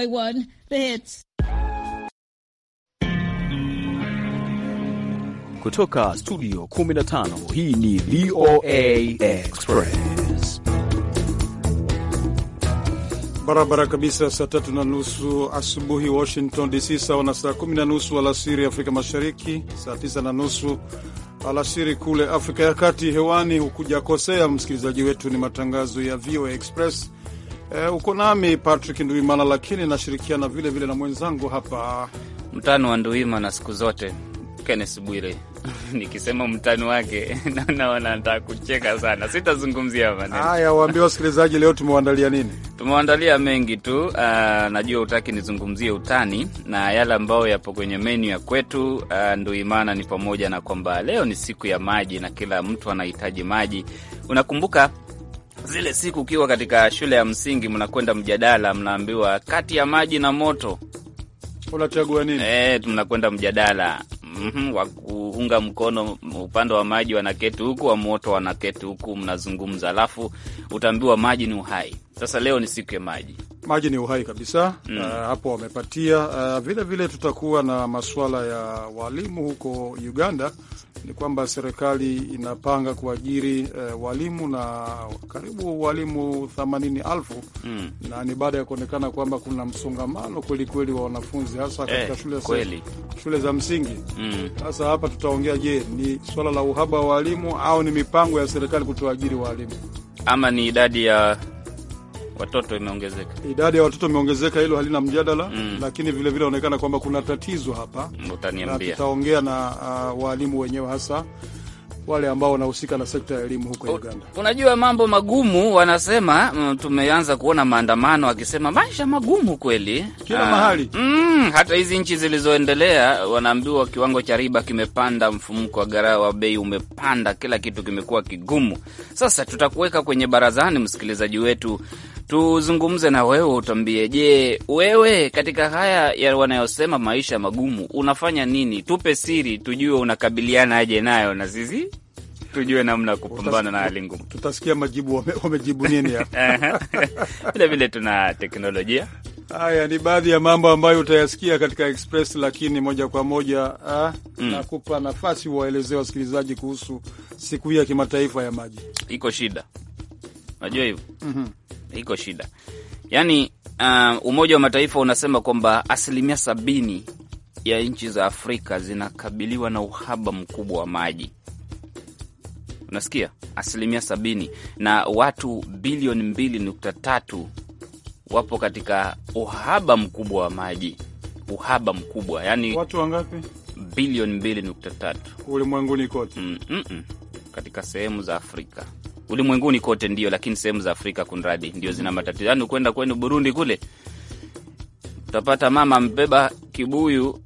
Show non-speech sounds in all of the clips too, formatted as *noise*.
VOA 1 The Hits. Kutoka studio 15 hii ni VOA Express. Barabara kabisa, saa tatu na nusu asubuhi Washington DC, sawa na saa kumi na nusu alasiri Afrika Mashariki, saa tisa na nusu alasiri kule Afrika ya Kati. Hewani hukujakosea msikilizaji wetu, ni matangazo ya VOA Express Eh, uko nami Patrick Nduimana, lakini nashirikiana vile vile na mwenzangu hapa mtano wa Nduimana siku zote Kenneth Bwire. *laughs* Nikisema mtani wake *laughs* naona nataka kucheka sana, sitazungumzia maneno haya. Waambie wasikilizaji leo tumewaandalia nini? Tumewaandalia mengi tu. Uh, najua utaki nizungumzie utani na yale ambayo yapo kwenye menu ya kwetu. Uh, Nduimana, ni pamoja na kwamba leo ni siku ya maji na kila mtu anahitaji maji. Unakumbuka zile siku ukiwa katika shule ya msingi, mnakwenda mjadala, mnaambiwa kati ya maji na moto unachagua nini? Eh, mnakwenda mjadala mm -hmm, wa kuunga mkono upande wa maji wanaketi huku, wa moto wanaketi huku, mnazungumza, alafu utaambiwa maji ni uhai. Sasa leo ni siku ya maji maji ni uhai kabisa mm. Uh, hapo wamepatia uh, vile vile tutakuwa na masuala ya walimu huko Uganda. Ni kwamba serikali inapanga kuajiri uh, walimu na karibu walimu themanini elfu mm. na ni baada ya kuonekana kwamba kuna msongamano kwelikweli wa wanafunzi hasa katika eh, shule, shule za msingi mm. sasa mm. Hapa tutaongea, je, ni swala la uhaba wa walimu au ni mipango ya serikali kutoajiri walimu ama ni idadi ya watoto imeongezeka, idadi ya watoto imeongezeka, hilo halina mjadala mm. Lakini vilevile inaonekana kwamba kuna tatizo hapa, na tutaongea na na uh, waalimu wenyewe hasa wale ambao wanahusika na sekta ya elimu huko Uganda. Unajua mambo magumu wanasema, mm, tumeanza kuona maandamano akisema maisha magumu kweli kila ah, mahali mm, hata hizi nchi zilizoendelea wanaambiwa kiwango cha riba kimepanda, mfumuko wa gharama wa bei umepanda, kila kitu kimekuwa kigumu. Sasa tutakuweka kwenye barazani, msikilizaji wetu tuzungumze na wewe, utambie, je, wewe katika haya ya wanayosema maisha magumu unafanya nini? Tupe siri, tujue unakabiliana aje nayo na zizi tujue namna kupambana na hali ngumu. Tutasikia majibu wamejibu nini hapa. Vilevile *laughs* tuna teknolojia. Haya ni baadhi ya mambo ambayo utayasikia katika Express, lakini moja kwa moja ah, mm, nakupa nafasi waelezea wasikilizaji kuhusu siku hii ya kimataifa ya maji. Iko shida unajua hivyo mm -hmm. Iko shida yani uh, Umoja wa Mataifa unasema kwamba asilimia sabini ya nchi za Afrika zinakabiliwa na uhaba mkubwa wa maji. Unasikia, asilimia sabini na watu bilioni mbili nukta tatu wapo katika uhaba mkubwa wa maji. Uhaba mkubwa yani, watu wangapi? Bilioni mbili nukta tatu ulimwenguni kote, mm -mm. katika sehemu za Afrika ulimwenguni kote ndio, lakini sehemu za Afrika kunradi ndio zina matatizo. Yani kwenda kwenu Burundi kule utapata mama amebeba kibuyu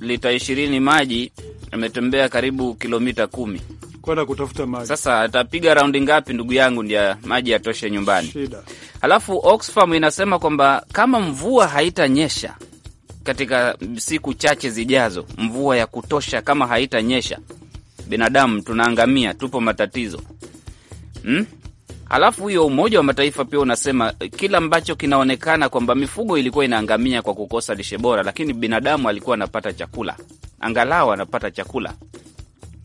lita ishirini maji ametembea karibu kilomita kumi kwenda kutafuta maji. Sasa atapiga raundi ngapi ndugu yangu, ndio maji yatoshe nyumbani? Shida. Halafu Oxfam inasema kwamba kama mvua haitanyesha katika siku chache zijazo, mvua ya kutosha kama haitanyesha, binadamu tunaangamia, tupo matatizo hmm? Alafu huyo Umoja wa Mataifa pia unasema kila ambacho kinaonekana kwamba mifugo ilikuwa inaangamia kwa kukosa lishe bora, lakini binadamu alikuwa anapata chakula, angalau anapata chakula.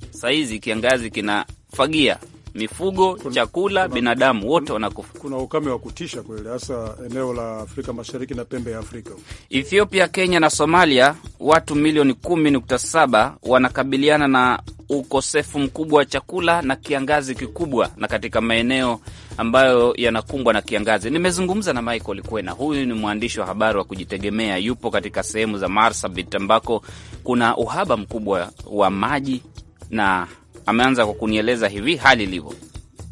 Sahizi kiangazi kinafagia mifugo, kuna, chakula, kuna, binadamu wote wanakufa. Kuna ukame wa kutisha kweli, hasa eneo la Afrika Mashariki na pembe ya Afrika. Ethiopia, Kenya na Somalia, watu milioni 10.7 wanakabiliana na ukosefu mkubwa wa chakula na kiangazi kikubwa, na katika maeneo ambayo yanakumbwa na kiangazi. Nimezungumza na Michael Kwena, huyu ni mwandishi wa habari wa kujitegemea, yupo katika sehemu za Marsabit ambako kuna uhaba mkubwa wa maji na ameanza kwa kunieleza hivi hali ilivyo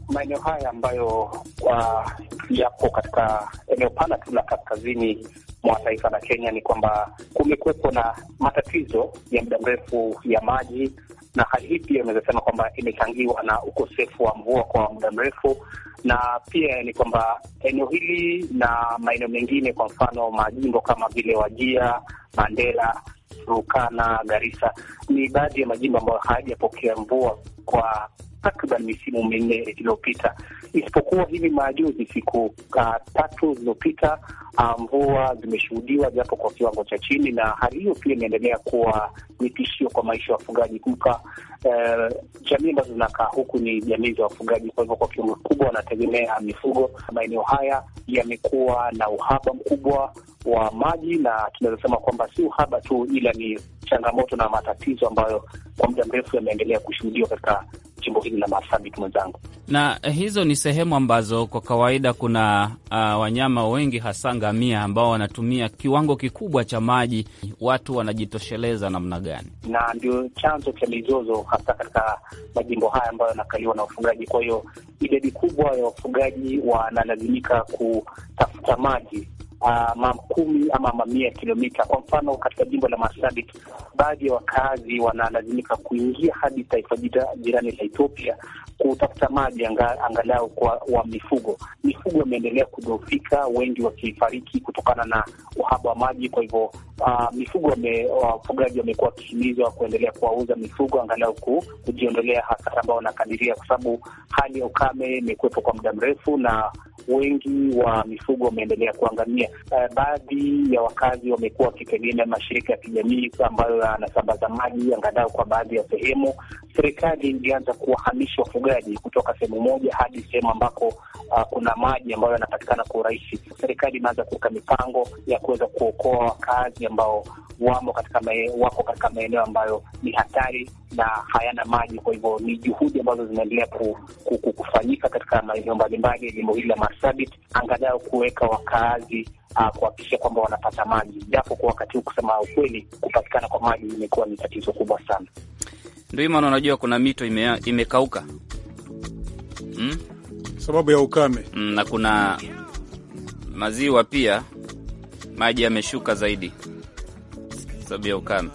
maeneo haya ambayo kwa yapo katika eneo pana tu la kaskazini mwa taifa la Kenya ni kwamba kumekuwepo na matatizo ya muda mrefu ya maji, na hali hii pia unaweza sema kwamba imechangiwa na ukosefu wa mvua kwa muda mrefu, na pia ni kwamba eneo hili na maeneo mengine, kwa mfano majimbo kama vile Wajia, Mandera Turukana, Garissa ni baadhi ya majimbo ambayo hayajapokea mvua kwa takriban misimu minne iliyopita, isipokuwa hivi majuzi, siku uh, tatu zilizopita, uh, mvua zimeshuhudiwa japo kwa kiwango cha chini, na hali hiyo pia imeendelea kuwa ni tishio kwa maisha ya wafugaji. Kumbuka uh, jamii ambazo zinakaa huku ni jamii za wafugaji, kwa hivyo kwa kiwango kikubwa wanategemea mifugo. Maeneo haya yamekuwa na uhaba mkubwa wa maji, na tunaweza sema kwamba si uhaba tu, ila ni changamoto na matatizo ambayo kwa muda mrefu yameendelea kushuhudiwa katika jimbo hili la Marsabit, mwenzangu. Na hizo ni sehemu ambazo kwa kawaida kuna uh, wanyama wengi hasa ngamia ambao wanatumia kiwango kikubwa cha maji. Watu wanajitosheleza namna gani? Na ndio chanzo cha mizozo hasa katika majimbo haya ambayo yanakaliwa na wafugaji. Kwa hiyo idadi kubwa ya wafugaji wanalazimika kutafuta maji uh, ah, makumi ama mamia ya kilomita. Kwa mfano, katika jimbo la Marsabit, baadhi ya wakazi wanalazimika kuingia hadi taifa jirani la Ethiopia kutafuta maji anga, angalau kwa wa mifugo. Mifugo imeendelea kudhoofika, wengi wakifariki kutokana na uhaba wa maji. Kwa hivyo uh, mifugo wafugaji wamekuwa wakihimizwa kuendelea kuwauza mifugo angalau ku, kujiondolea hasara ambao wanakadiria, kwa sababu hali ya ukame imekuwepo kwa muda mrefu na wengi wa mifugo wameendelea kuangamia. Uh, baadhi ya wakazi wamekuwa wakitegemea mashirika ya kijamii ambayo yanasambaza maji angalau kwa baadhi ya sehemu. Serikali ilianza kuwahamisha wafugaji kutoka sehemu moja hadi sehemu ambako uh, kuna maji ambayo yanapatikana kwa urahisi. Serikali imeanza kuweka mipango ya kuweza kuokoa wakazi ambao wamo katika mae, wako katika maeneo ambayo ni hatari na hayana maji. Kwa hivyo ni juhudi ambazo zinaendelea kufanyika katika maeneo mbalimbali. Elimu hili la Marsabit angalau kuweka wakaazi ah, kuhakikisha kwamba wanapata maji, japo kwa wakati huu kusema ukweli, kupatikana kwa maji imekuwa ni tatizo kubwa sana. Ndio maana unajua kuna mito ime, imekauka hmm? sababu ya ukame mm, na kuna maziwa pia maji yameshuka zaidi sababu ya ukame,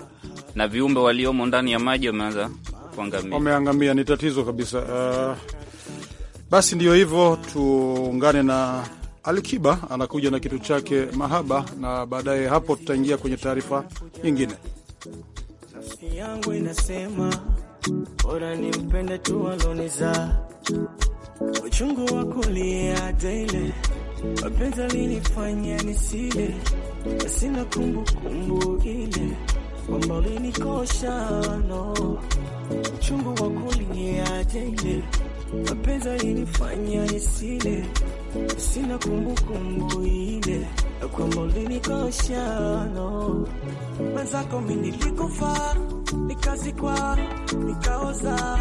na viumbe waliomo ndani ya maji wameanza kuangamia, wameangamia. Ni tatizo kabisa uh... Basi ndiyo hivyo, tuungane na Alikiba anakuja na kitu chake Mahaba, na baadaye hapo tutaingia kwenye taarifa nyingine. Nafsi yangu inasema bora nimpende tu aloniza, uchungu wa kulia daily, mapenzi alinifanya nisile, sina kumbukumbu ile kwamba ulinikosha no, uchungu wa kulia daily, mapenza alinifanya nisile, sina kumbukumbu ile kwamba ulinikosha no, mwenzako mimi nilikufa nikazikwa nikaoza,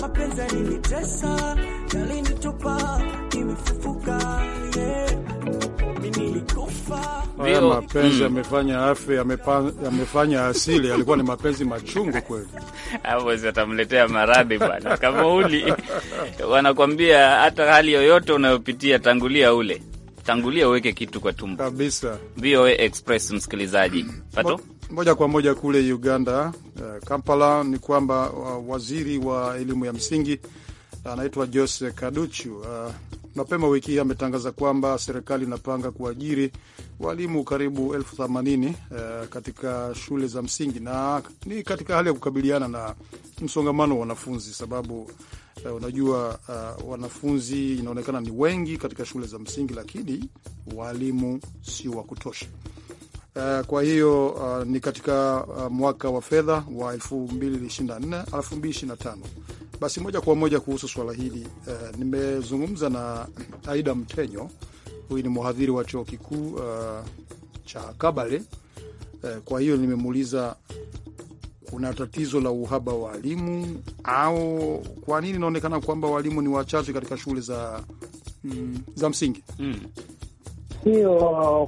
mapenza alinitesa yalinitupa, nimefufuka yeah. Haya mapenzi mm. yamefanya afya yamefanya asili, alikuwa ni mapenzi machungu kweli. Awezi atamletea maradhi bwana. kama uli wanakwambia hata hali yoyote unayopitia tangulia ule, tangulia uweke kitu kwa tumbo kabisa. VOA Express msikilizaji, mm. pato moja kwa moja kule Uganda, eh, Kampala, ni kwamba waziri wa elimu ya msingi anaitwa Jose Kaduchu uh, Mapema wiki hii ametangaza kwamba serikali inapanga kuajiri walimu karibu elfu themanini uh, katika shule za msingi, na ni katika hali ya kukabiliana na msongamano wa wanafunzi sababu Uh, unajua uh, wanafunzi inaonekana ni wengi katika shule za msingi, lakini walimu sio wa kutosha. Uh, kwa hiyo uh, ni katika uh, mwaka wa fedha wa 2024 2025 basi moja kwa moja kuhusu swala hili uh, nimezungumza na Aida Mtenyo, huyu ni mhadhiri wa chuo kikuu uh, cha Kabale. Uh, kwa hiyo nimemuuliza kuna tatizo la uhaba wa walimu au kwa nini inaonekana kwamba walimu ni wachache katika shule za, mm, za msingi mm. Sio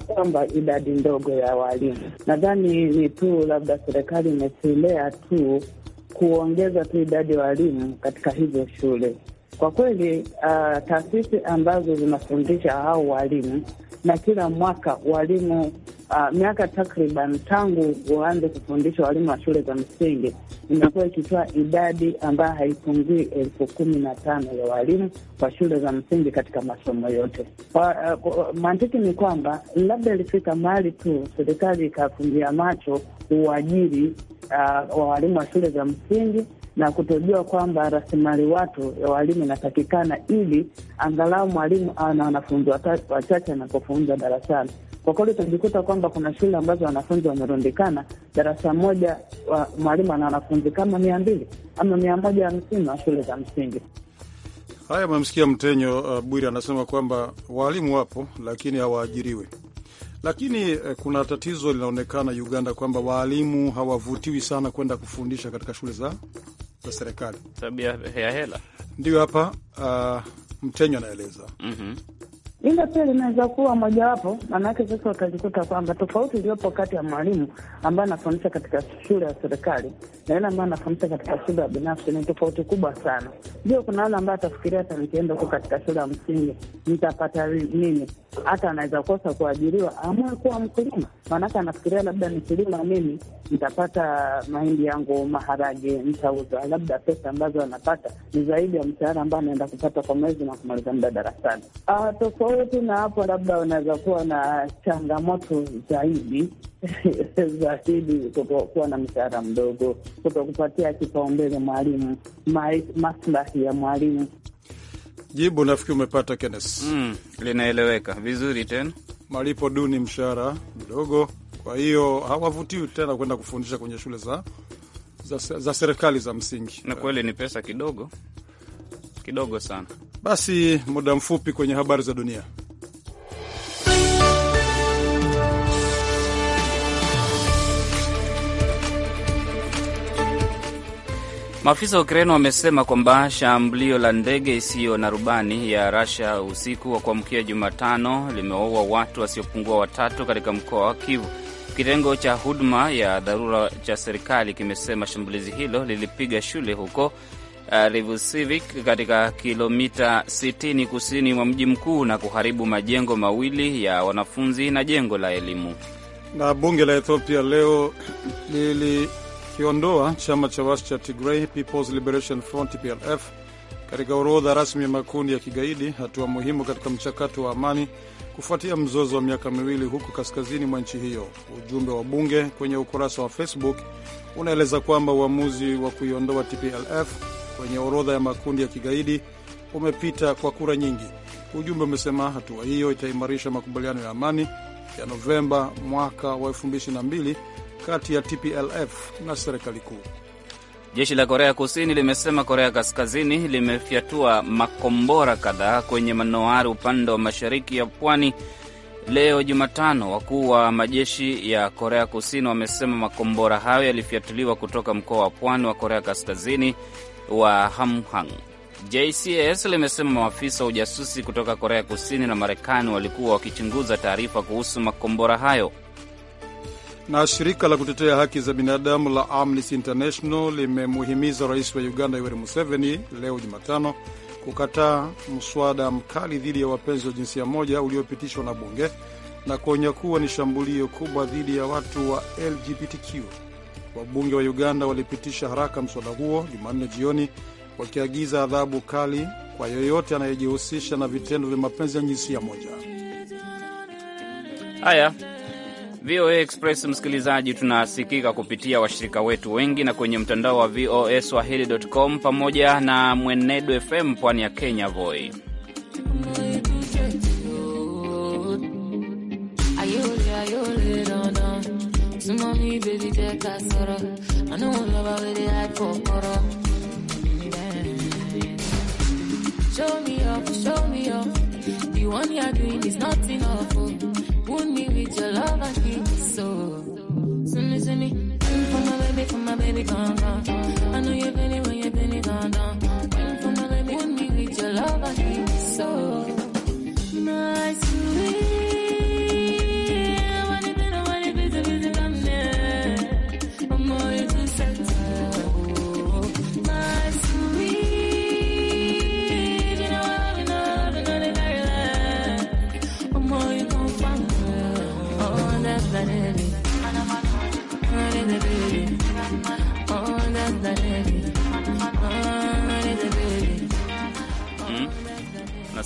kwamba idadi ndogo ya walimu, nadhani ni tu labda serikali imesilea tu kuongeza tu idadi ya walimu katika hizo shule. Kwa kweli, uh, taasisi ambazo zinafundisha hao walimu na kila mwaka walimu uh, miaka takriban tangu waanze kufundisha walimu wa shule za msingi imekuwa ikitoa idadi ambayo haipungui elfu kumi na tano ya walimu wa shule za msingi katika masomo yote. Uh, uh, mantiki ni kwamba labda ilifika mahali tu serikali ikafungia macho uajiri uh, wa walimu wa shule za msingi na kutojua kwamba rasilimali watu ya walimu inatakikana, ili angalau mwalimu ana wanafunzi wachache anapofunza darasani. Kwa kweli utajikuta kwamba kuna shule ambazo wanafunzi wamerundikana, darasa moja wa mwalimu ana wanafunzi kama mia mbili ama mia moja hamsini wa shule za msingi. Haya, amemsikia Mtenyo uh, Bwiri anasema kwamba waalimu wapo lakini hawaajiriwi. Lakini uh, kuna tatizo linaonekana Uganda kwamba waalimu hawavutiwi sana kwenda kufundisha katika shule za za serikali sababu ya hela. Ndio hapa uh, Mtenyo anaeleza mm -hmm. Hilo pia linaweza kuwa mojawapo, maanake sasa utajikuta kwamba tofauti iliyopo kati ya mwalimu ambaye anafundisha katika shule ya serikali na yule ambaye anafundisha katika shule ya binafsi ni tofauti kubwa sana. Ndio kuna wale ambaye atafikiria hata nikienda huko katika shule ya msingi nitapata nini, hata anaweza kosa kuajiriwa, amue kuwa mkulima, maanake anafikiria labda nikilima mimi nitapata mahindi yangu, maharage nitauza, labda pesa ambazo anapata ni zaidi ya mshahara ambayo anaenda kupata kwa mwezi na kumaliza muda darasani. Ah, tofauti na hapo, labda unaweza kuwa na changamoto zaidi *laughs* zaidi, kutokuwa na mshahara mdogo, kutokupatia kipaumbele mwalimu, maslahi ya mwalimu. Jibu nafikiri umepata Kenneth. Mm, linaeleweka vizuri tena. Malipo duni, mshahara mdogo, kwa hiyo hawavutiwi tena kwenda kufundisha kwenye shule za, za, za serikali za msingi. Na kweli ni pesa kidogo kidogo sana. Basi muda mfupi kwenye habari za dunia. Maafisa wa Ukraine wamesema kwamba shambulio la ndege isiyo na rubani ya Russia usiku wa kuamkia Jumatano limewaua watu wasiopungua watatu katika mkoa wa Kivu. Kitengo cha huduma ya dharura cha serikali kimesema shambulizi hilo lilipiga shule huko uh, Rivusivik katika kilomita 60 kusini mwa mji mkuu na kuharibu majengo mawili ya wanafunzi na jengo la elimu. Na bunge la Ethiopia leo lili kukiondoa chama cha wasi cha Tigray People's Liberation Front PLF katika orodha rasmi ya makundi ya kigaidi, hatua muhimu katika mchakato wa amani kufuatia mzozo wa miaka miwili huko kaskazini mwa nchi hiyo. Ujumbe wa bunge kwenye ukurasa wa Facebook unaeleza kwamba uamuzi wa kuiondoa TPLF kwenye orodha ya makundi ya kigaidi umepita kwa kura nyingi. Ujumbe umesema hatua hiyo itaimarisha makubaliano ya amani ya Novemba mwaka wa 2022 kati ya TPLF na serikali kuu. Jeshi la Korea Kusini limesema Korea Kaskazini limefyatua makombora kadhaa kwenye manoari upande wa mashariki ya pwani leo Jumatano. Wakuu wa majeshi ya Korea Kusini wamesema makombora hayo yalifyatuliwa kutoka mkoa wa pwani wa Korea Kaskazini wa Hamhang. JCS limesema maafisa wa ujasusi kutoka Korea Kusini na Marekani walikuwa wakichunguza taarifa kuhusu makombora hayo. Na shirika la kutetea haki za binadamu la Amnesty International limemuhimiza rais wa Uganda Yoweri Museveni leo Jumatano kukataa mswada mkali dhidi ya wapenzi wa jinsia moja uliopitishwa na bunge na kuonya kuwa ni shambulio kubwa dhidi ya watu wa LGBTQ. Wabunge wa Uganda walipitisha haraka mswada huo Jumanne jioni wakiagiza adhabu kali kwa yoyote anayejihusisha na vitendo vya mapenzi ya jinsia moja. Haya. VOA Express msikilizaji, tunasikika kupitia washirika wetu wengi na kwenye mtandao wa VOA Swahili.com pamoja na Mwenedu FM pwani ya Kenya Voi. Show me show me The one doing is not enough. Oh. wound me with your love, I give me so. Send me, send me, for my baby, for my baby, gone, gone. I know you're feeling when you're penny, gone, gone. Wound me with your love, I give me so.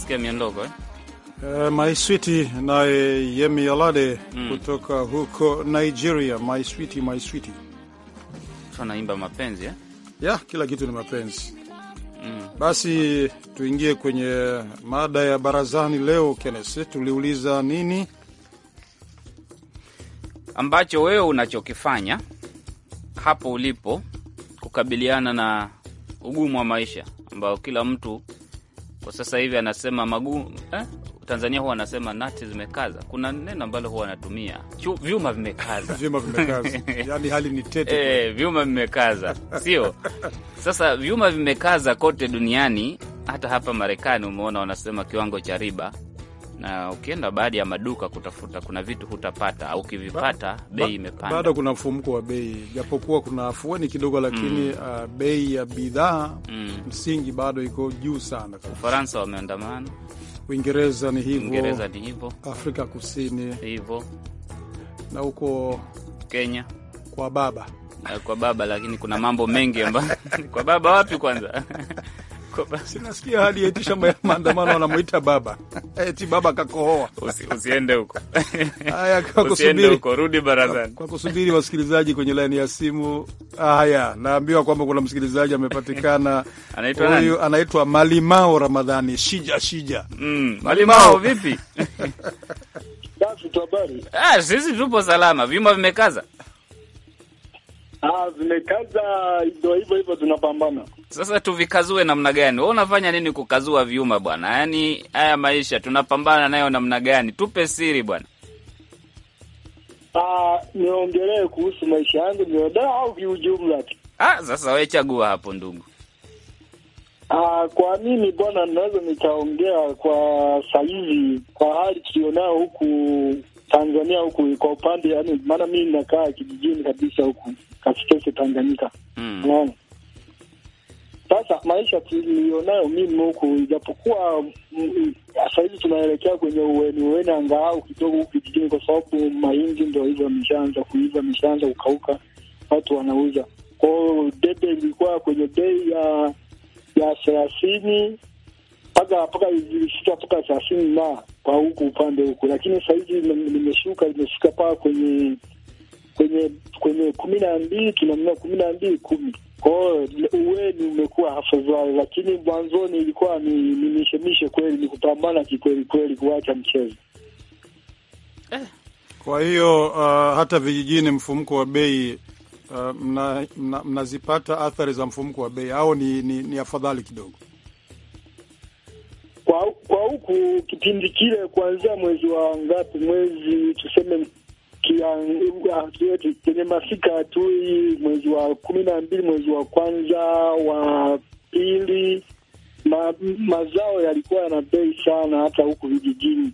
Nasikia miondoko eh? Uh, eh, maiswiti naye Yemi Alade mm, kutoka huko Nigeria. Maiswiti, maiswiti naimba mapenzi eh? Yeah, kila kitu ni mapenzi mm. Basi tuingie kwenye mada ya barazani leo. Kenes, tuliuliza nini ambacho wewe unachokifanya hapo ulipo kukabiliana na ugumu wa maisha ambao kila mtu kwa sasa hivi anasema magu eh? Tanzania huwa anasema nati zimekaza. Kuna neno ambalo huwa anatumia vyuma vimekaza, *laughs* vyuma vimekaza. *laughs* Yani hali ni tete e, vyuma vimekaza, sio? Sasa vyuma vimekaza kote duniani, hata hapa Marekani umeona wanasema kiwango cha riba na ukienda baadhi ya maduka kutafuta, kuna vitu hutapata au ukivipata bei imepanda. Bado kuna mfumko wa bei, japokuwa kuna afueni kidogo, lakini mm. uh, bei ya bidhaa mm. msingi bado iko juu sana. Ufaransa wameandamana, Uingereza ni hivyo, Afrika Kusini hivyo, na huko Kenya kwa baba kwa baba, lakini kuna mambo mengi ambayo *laughs* kwa baba wapi kwanza *laughs* yako basi. Nasikia hadi eti shamba ya maandamano wanamwita baba, eti baba kakohoa. Usi, usiende huko haya, kwa kusubiri huko, rudi barazani kwa kusubiri wasikilizaji kwenye laini ya simu. Haya, naambiwa kwamba kuna msikilizaji amepatikana, *laughs* anaitwa huyu, anaitwa Malimao Ramadhani Shija Shija. Mm, Malimao vipi? Basi tu habari. Ah, sisi tupo salama, vyuma vimekaza Ah, zimekaza hivyo hivyo hivyo, tunapambana sasa. Tuvikazue namna gani? Wewe unafanya nini kukazua vyuma bwana? Yaani haya maisha tunapambana nayo namna gani? Tupe siri bwana. Ah, niongelee kuhusu maisha yangu nioda au kiujumla tu? Ah, sasa wewe chagua hapo ndugu. Ah, kwa mimi bwana, naweza nikaongea kwa saizi kwa hali tulionayo huku Tanzania huku kwa upande yani, maana mi nakaa kijijini kabisa huku Kasitese Tanganyika. Hmm. Unaona, sasa maisha tulionayo mimi huku, ijapokuwa mm, mm, sasa hivi tunaelekea kwenye uweni uweni angalau kidogo huku kijijini, kwa sababu mahindi ndo hivyo ameshaanza kuiva, ameshaanza kukauka, watu wanauza kwao. Debe ilikuwa kwenye bei ya ya thelathini mpaka mpaka ilifika mpaka thelathini na kwa huku upande huku, lakini sasa hivi limeshuka limefika paa kwenye kwenye kwenye kumi na mbili tunamnua kumi na mbili kumi kwao uweni umekuwa hafadhali, lakini mwanzoni ilikuwa ni mishemishe kweli, ni kupambana kikweli kweli kuacha mchezo eh. Kwa hiyo uh, hata vijijini mfumko wa bei uh, mnazipata mna, mna athari za mfumko wa bei au ni, ni, ni afadhali kidogo? kwa huku kipindi kile kuanzia mwezi wa ngapi, mwezi tuseme kwenye masika tu hii mwezi wa kumi na mbili mwezi wa kwanza wa pili, ma, mazao yalikuwa yana bei sana, hata huku vijijini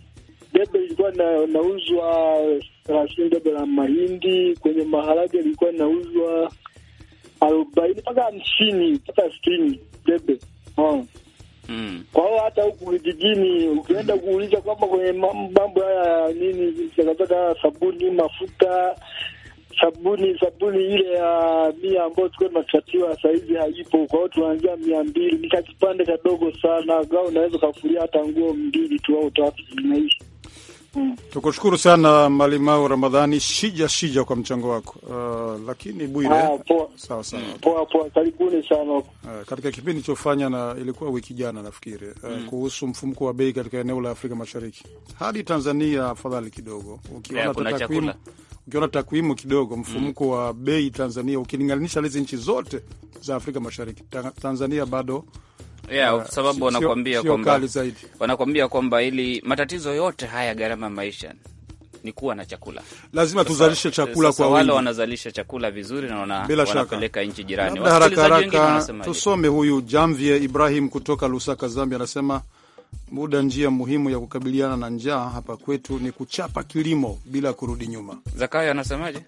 debe ilikuwa inauzwa thelathini debe la mahindi, kwenye maharage ilikuwa inauzwa arobaini mpaka hamsini mpaka sitini debe Mm. Kwa hiyo hata huku vijijini ukienda kuuliza kwamba kwenye mambo haya nini takataka, sabuni, mafuta, sabuni sabuni ile ya mia ambayo tulikuwa tunachatiwa sasa hivi haipo. Kwa hiyo tunaanzia mia mbili, ni kakipande kadogo sana, gao unaweza ukafulia hata nguo mbili tu au tatu zinaishi mm. Tukushukuru sana Malimau Ramadhani Shija Shija kwa mchango wako. Uh, lakini Bwire, ah, sawa sana, poa poa, karibuni sana uh, katika kipindi chofanya na ilikuwa wiki jana nafikiri uh, mm. kuhusu mfumko wa bei katika eneo la Afrika Mashariki hadi Tanzania, afadhali kidogo ukiona yeah, takwimu ukiona takwimu kidogo mfumko mm. wa bei Tanzania ukilinganisha hizi nchi zote za Afrika Mashariki ta Tanzania bado yeah, uh, sababu wanakwambia kwamba wanakwambia kwamba ili matatizo yote haya gharama maisha ni kuwa na chakula, lazima sasa, tuzalishe chakula kwa Wale wanazalisha chakula vizuri na wana, wanapeleka nchi jirani. Haraka haraka tusome huyu Jamvie Ibrahim kutoka Lusaka, Zambia, anasema muda njia muhimu ya kukabiliana na njaa hapa kwetu ni kuchapa kilimo bila kurudi nyuma. Zakayo anasemaje?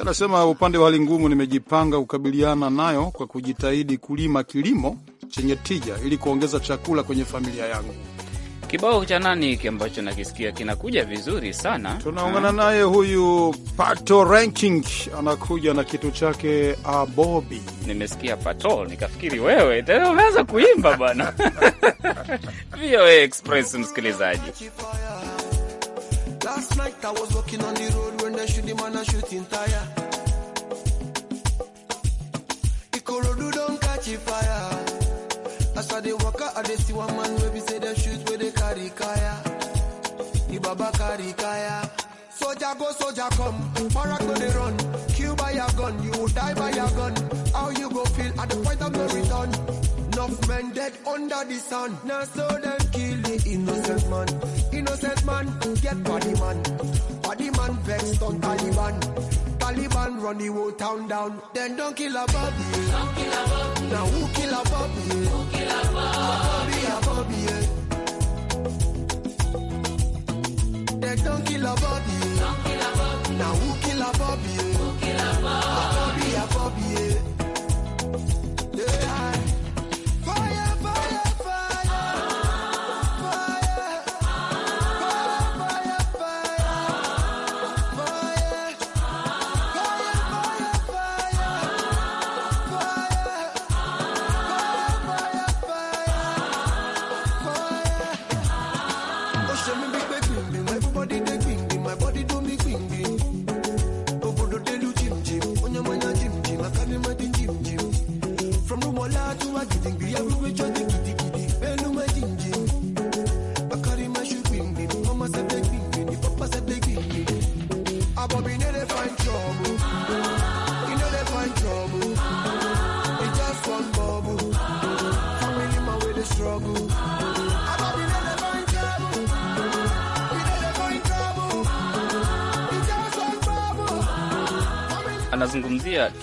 Anasema upande wa hali ngumu, nimejipanga kukabiliana nayo kwa kujitahidi kulima kilimo chenye tija ili kuongeza chakula kwenye familia yangu. Kibao cha nani hiki ambacho nakisikia kinakuja vizuri sana. Tunaungana naye huyu Pato Ranking, anakuja na kitu chake Abobi. Nimesikia Pato nikafikiri wewe tena umeanza kuimba bwana. *laughs* VOA Express, msikilizaji As I they walk out, I they see one man where we say the shoes where they carry kaya. The baba carry kaya. Soldier go, soldier come. Morocco they run. Kill by your gun, you die by your gun. How you go feel at the point of no return? enough men dead under the sun. Now so them kill the innocent man. Innocent man, get body man. Body man vexed on Taliban. Taliban run the whole town down. Then don't kill a Bobby. Don't kill a Bobby. Now who kill a Bobby? Who kill a Bobby? A Bobby, a Bobby. yeah. Then don't kill a Bobby. Don't kill a Bobby. Now who kill a Bobby? Who kill a Bobby? A Bobby, a Bobby. yeah.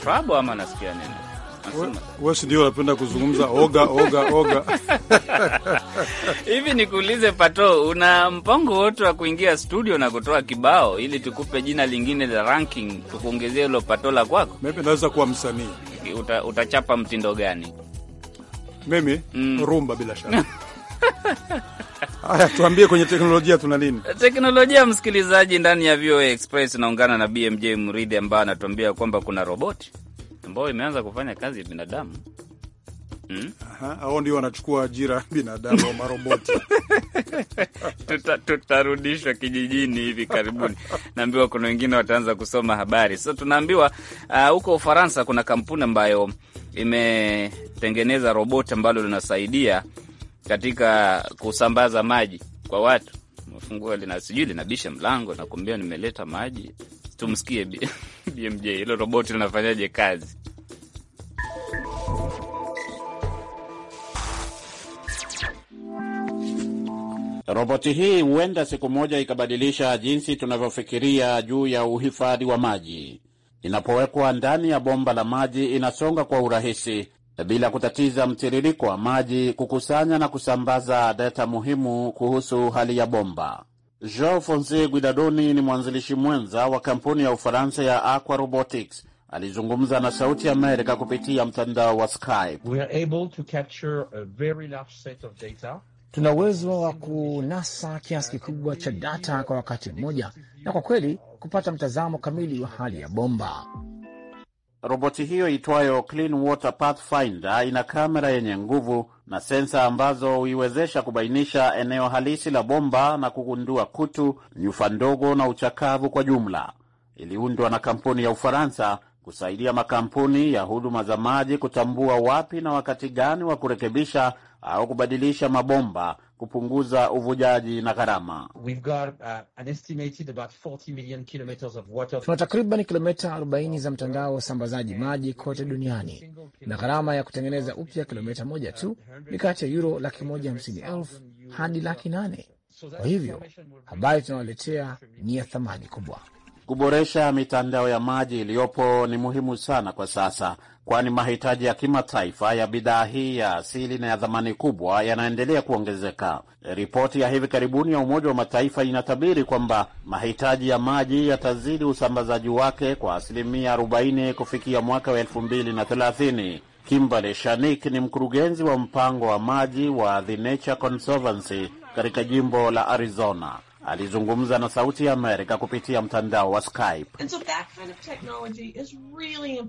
Trabo ama nasikia nini? Wewe si ndio unapenda kuzungumza oga oga oga *laughs* hivi? Nikuulize Pato, una mpango wote wa kuingia studio na kutoa kibao ili tukupe jina lingine la ranking, tukuongezee hilo pato la kwako? Mimi naweza kuwa msanii. Uta, utachapa mtindo gani? Mimi mm. rumba bila shaka *laughs* *laughs* Haya, tuambie kwenye teknolojia tuna nini? Teknolojia, msikilizaji, ndani ya VOA Express naungana na BMJ Muridi ambaye anatuambia kwamba kuna roboti ambayo imeanza kufanya kazi ya binadamu. Hmm? ndio wanachukua ajira binadamu wa maroboti. *laughs* Tutarudishwa tuta kijijini hivi karibuni. Naambiwa kuna wengine wataanza kusoma habari. So tunaambiwa ah, huko uh, Ufaransa kuna kampuni ambayo imetengeneza roboti ambalo linasaidia katika kusambaza maji kwa watu. Mafungua lina sijui linabisha mlango, nakuambia nimeleta maji. Tumsikie BMJ, *laughs* hilo roboti linafanyaje kazi? Roboti hii huenda siku moja ikabadilisha jinsi tunavyofikiria juu ya uhifadhi wa maji. Inapowekwa ndani ya bomba la maji, inasonga kwa urahisi E, bila kutatiza mtiririko wa maji, kukusanya na kusambaza data muhimu kuhusu hali ya bomba. Jean Fonse Guidadoni ni mwanzilishi mwenza wa kampuni ya Ufaransa ya Aqua Robotics. Alizungumza na Sauti ya Amerika kupitia mtandao wa Skype. Tuna uwezo wa kunasa kiasi kikubwa cha data kwa wakati mmoja, na kwa kweli kupata mtazamo kamili wa hali ya bomba. Roboti hiyo itwayo Clean Water Pathfinder ina kamera yenye nguvu na sensa ambazo huiwezesha kubainisha eneo halisi la bomba na kugundua kutu, nyufa ndogo na uchakavu kwa jumla. Iliundwa na kampuni ya Ufaransa kusaidia makampuni ya huduma za maji kutambua wapi na wakati gani wa kurekebisha au kubadilisha mabomba kupunguza uvujaji na gharama. Uh, Tuna takriban kilomita 40 za mtandao wa usambazaji maji kote duniani, na gharama ya kutengeneza upya kilomita moja tu ni kati ya yuro laki moja hamsini elfu hadi laki nane. Kwa hivyo habari tunawaletea ni ya thamani kubwa. Kuboresha mitandao ya maji iliyopo ni muhimu sana kwa sasa, kwani mahitaji ya kimataifa ya bidhaa hii ya asili na ya thamani kubwa yanaendelea kuongezeka. Ripoti ya hivi karibuni ya Umoja wa Mataifa inatabiri kwamba mahitaji ya maji yatazidi usambazaji wake kwa asilimia 40 kufikia mwaka wa 2030. Kimberly Shanik ni mkurugenzi wa mpango wa maji wa The Nature Conservancy katika jimbo la Arizona. Alizungumza na Sauti ya Amerika kupitia mtandao wa Skype. So kind of really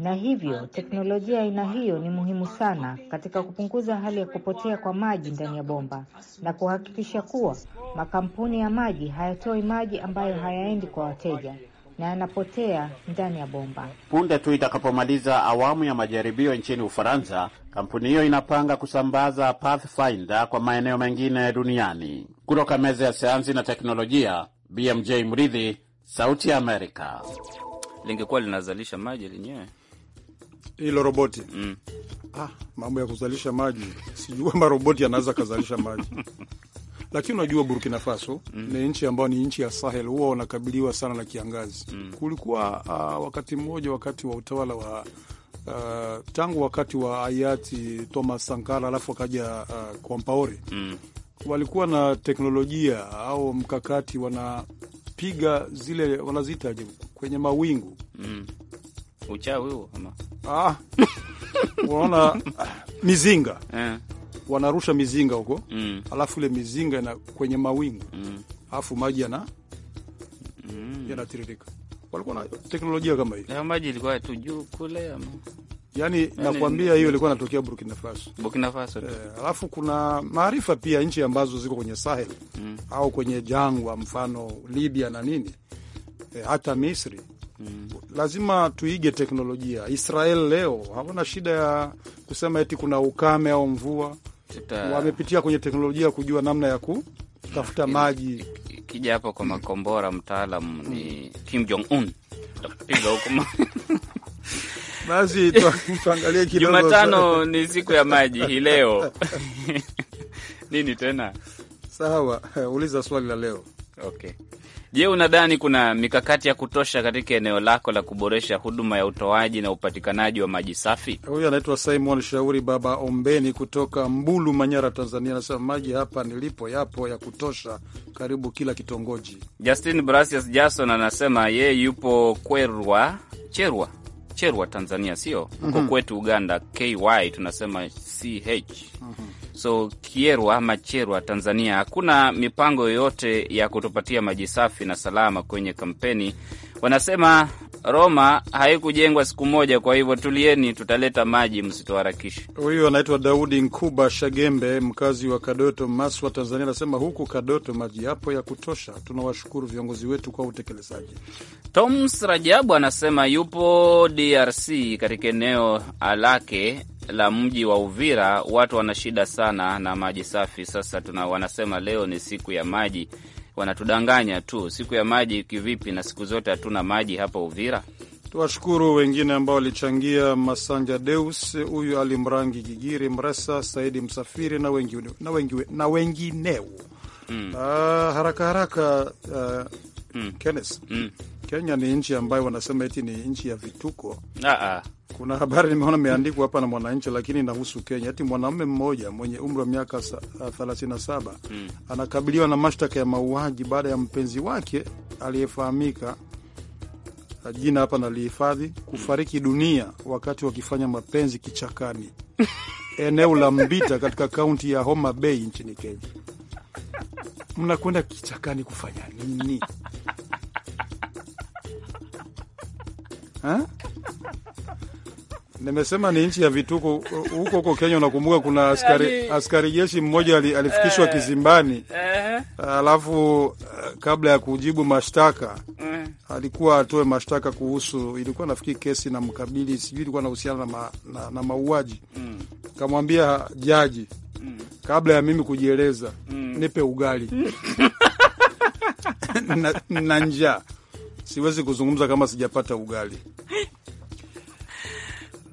na hivyo um, teknolojia aina hiyo ni muhimu sana katika kupunguza hali ya kupotea kwa maji ndani ya bomba na kuhakikisha kuwa makampuni ya maji hayatoi maji ambayo hayaendi kwa wateja na yanapotea ndani ya bomba. Punde tu itakapomaliza awamu ya majaribio nchini Ufaransa, kampuni hiyo inapanga kusambaza Pathfinder kwa maeneo mengine duniani. Kutoka meza ya sayansi na teknolojia, BMJ Mridhi, Sauti ya Amerika. Lingekuwa linazalisha maji lenyewe hilo roboti mm. Ah, mambo ya kuzalisha maji sijui, roboti anaweza kazalisha maji *laughs* Lakini unajua Burkina Faso mm. ni nchi ambayo ni nchi ya Sahel, huwa wanakabiliwa sana na kiangazi mm. kulikuwa uh, wakati mmoja wakati wa utawala wa uh, tangu wakati wa hayati Thomas Sankara alafu akaja uh, Kompaore mm. walikuwa na teknolojia au mkakati, wanapiga zile wanazitaje kwenye mawingu mm. uchawi huo ama ah, unaona *laughs* *laughs* mizinga yeah wanarusha mizinga huko mm. alafu ile mizinga na kwenye mawingu mm. alafu maji yana mm. yanatiririka. Walikuwa na teknolojia kama hiyo. maji ilikuwa tu juu kule ama Yaani, yaani nakwambia hiyo ilikuwa inatokea Burkina Faso. Burkina Faso. Eh, alafu kuna maarifa pia nchi ambazo ziko kwenye Sahel mm. au kwenye jangwa mfano Libya na nini eh, hata Misri mm. lazima tuige teknolojia. Israel leo hawana shida ya kusema eti kuna ukame au mvua Tuta... wamepitia kwenye teknolojia kujua namna ya kutafuta maji. Kija hapo kwa makombora, mtaalam ni Kim Jong Un, tapiga huko *laughs* basi. Tuangalie kidogo, Jumatano ni siku ya maji hii leo. *laughs* Nini tena? Sawa, *laughs* uliza swali la leo. Okay. Je, unadhani kuna mikakati ya kutosha katika eneo lako la kuboresha huduma ya utoaji na upatikanaji wa maji safi? Huyu anaitwa Simon Shauri Baba Ombeni kutoka Mbulu, Manyara, Tanzania, anasema maji hapa nilipo yapo ya kutosha karibu kila kitongoji. Justin Brasius Jason anasema yeye yupo Kwerwa, Cherwa, Cherwa, Tanzania, sio huko mm -hmm. kwetu Uganda, ky tunasema ch mm -hmm. So kierwa ama Cherwa, Tanzania, hakuna mipango yoyote ya kutupatia maji safi na salama kwenye kampeni. Wanasema Roma haikujengwa siku moja, kwa hivyo tulieni, tutaleta maji, msituharakishe. Huyu anaitwa Daudi Nkuba Shagembe, mkazi wa Kadoto, Maswa, Tanzania, anasema huku Kadoto maji yapo ya kutosha. Tunawashukuru viongozi wetu kwa utekelezaji. Toms Rajabu anasema yupo DRC katika eneo lake la mji wa Uvira watu wana shida sana na maji safi. Sasa tuna wanasema leo ni siku ya maji, wanatudanganya tu. Siku ya maji kivipi? na siku zote hatuna maji hapa Uvira. Tuwashukuru wengine ambao walichangia: Masanja Deus, huyu Ali Mrangi, Gigiri Mresa, Saidi Msafiri na wengineo na wengi, na mm. Uh, haraka haraka uh, mm. Kenneth mm. Kenya ni nchi ambayo wanasema eti ni nchi ya vituko. Ah, kuna habari nimeona imeandikwa hapa na Mwananchi, lakini inahusu Kenya. Ati mwanaume mmoja mwenye umri wa miaka 37 ah, mm. anakabiliwa na mashtaka ya mauaji baada ya mpenzi wake aliyefahamika ah, jina hapa nalihifadhi, kufariki dunia wakati wakifanya mapenzi kichakani *laughs* eneo la Mbita katika kaunti ya Homa Bay nchini Kenya. Mnakwenda kichakani kufanya nini ha? *laughs* Nimesema ni nchi ya vituko. Huko huko Kenya, unakumbuka kuna askari yaani- askari jeshi mmoja alifikishwa eh. kizimbani, alafu eh, kabla ya kujibu mashtaka mm. alikuwa atoe mashtaka kuhusu, ilikuwa nafikiri kesi na mkabili, sijui ilikuwa nahusiana na, ma, na, na mauaji. Mm. Kamwambia jaji, mm. kabla ya mimi kujieleza, nipe ugali *laughs* na, na njaa siwezi kuzungumza kama sijapata ugali. *laughs*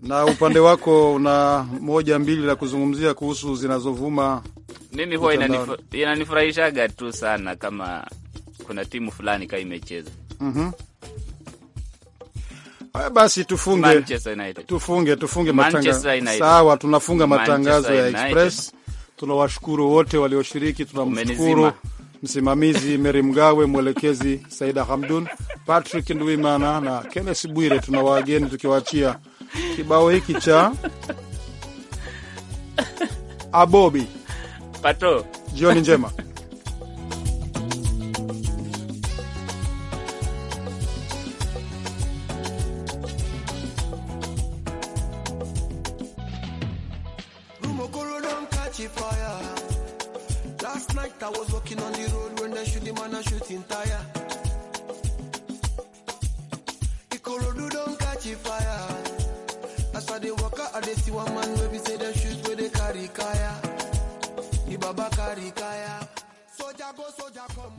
na upande wako una moja mbili la kuzungumzia kuhusu zinazovuma? Mimi huwa inanifurahishaga tu sana kama kuna timu fulani kaa imecheza mm -hmm. Haya basi, tufunge tufunge tufunge matangazo. Sawa, tunafunga matangazo ya Express. Tunawashukuru wote walioshiriki, tunamshukuru msimamizi Meri Mgawe, mwelekezi Saida Hamdun, Patrick Ndwimana na Kennes Bwire. Tuna wageni tukiwaachia kibao hiki cha Abobi Pato, jioni njema.